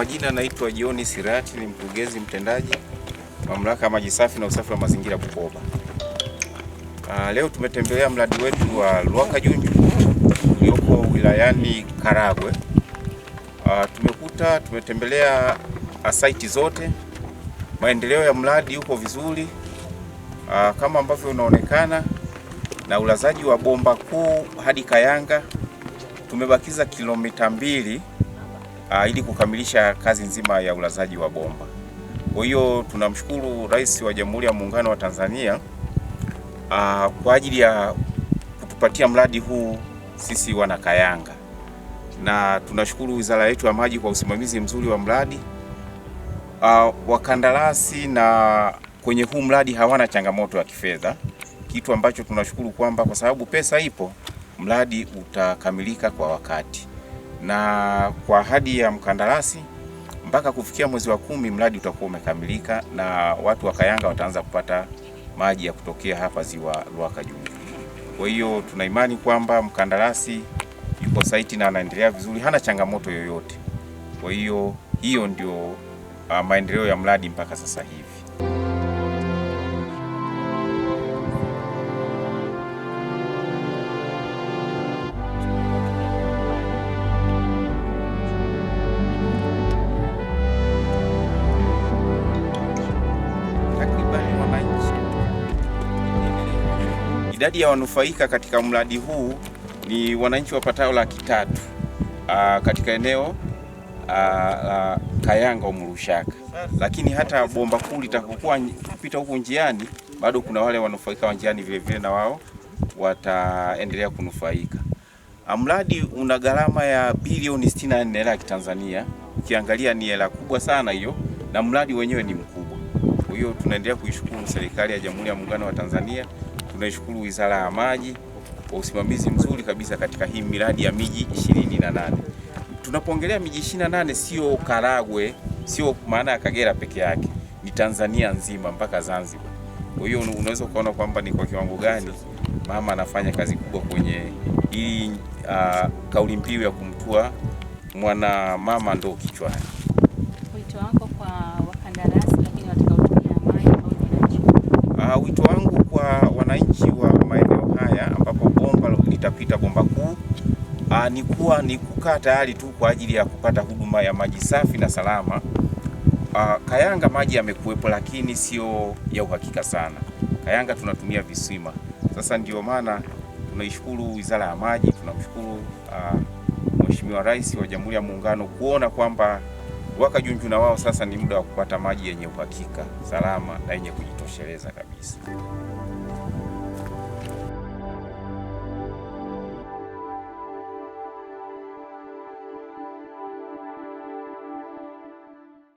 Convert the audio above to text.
majina, naitwa John Sirati, ni mkurugenzi mtendaji mamlaka ya maji safi na usafi wa mazingira Bukoba. Uh, leo tumetembelea mradi wetu wa Junju ulioko wilayani Karagwe. Uh, tumekuta tumetembelea saiti zote, maendeleo ya mradi yuko vizuri uh, kama ambavyo unaonekana na ulazaji wa bomba kuu hadi Kayanga tumebakiza kilomita mbili uh, ili kukamilisha kazi nzima ya ulazaji wa bomba. Kwa hiyo tunamshukuru Rais wa Jamhuri ya Muungano wa Tanzania uh, kwa ajili ya kutupatia mradi huu sisi Wanakayanga, na tunashukuru Wizara yetu ya Maji kwa usimamizi mzuri wa mradi uh, wakandarasi na kwenye huu mradi hawana changamoto ya kifedha, kitu ambacho tunashukuru kwamba kwa sababu pesa ipo, mradi utakamilika kwa wakati na kwa ahadi ya mkandarasi mpaka kufikia mwezi wa kumi mradi utakuwa umekamilika na watu wa Kayanga wataanza kupata maji ya kutokea hapa ziwa Ruaka juu. Kwa hiyo tuna imani kwamba mkandarasi yuko saiti na anaendelea vizuri, hana changamoto yoyote. Kwa hiyo hiyo ndio ah, maendeleo ya mradi mpaka sasa hivi. Idadi ya wanufaika katika mradi huu ni wananchi wapatao laki tatu ah, katika eneo ah, la Kayanga Umurushaka, lakini hata bomba kuu litakapokuwa kupita huku njiani bado kuna wale wanufaika wa njiani vile vile na wao wataendelea kunufaika. Ah, mradi una gharama ya bilioni 64 hela Tanzania, ukiangalia ni hela kubwa sana hiyo, na mradi wenyewe ni mkubwa. Kwa hiyo tunaendelea kuishukuru serikali ya Jamhuri ya Muungano wa Tanzania tunaishukuru Wizara ya Maji kwa usimamizi mzuri kabisa katika hii miradi ya miji 28. Tunapoongelea miji 28 sio Karagwe, sio maana ya Kagera peke yake, ni Tanzania nzima mpaka Zanzibar. Kwa hiyo unaweza ukaona kwamba ni kwa kiwango gani mama anafanya kazi kubwa kwenye hii uh, kauli mbiu ya kumtua mwana mama ndo kichwani. Wito wako kwa wakandarasi itapita bomba kuu ah, ni kuwa ni kukaa tayari tu kwa ajili ya kupata huduma ya maji safi na salama. Aa, ah, Kayanga maji yamekuwepo, lakini sio ya uhakika sana. Kayanga tunatumia visima. Sasa ndio maana tunaishukuru Wizara ya Maji, tunamshukuru ah, Mheshimiwa Rais wa Jamhuri ya Muungano kuona kwamba wakajunju na wao sasa ni muda wa kupata maji yenye uhakika, salama na yenye kujitosheleza kabisa.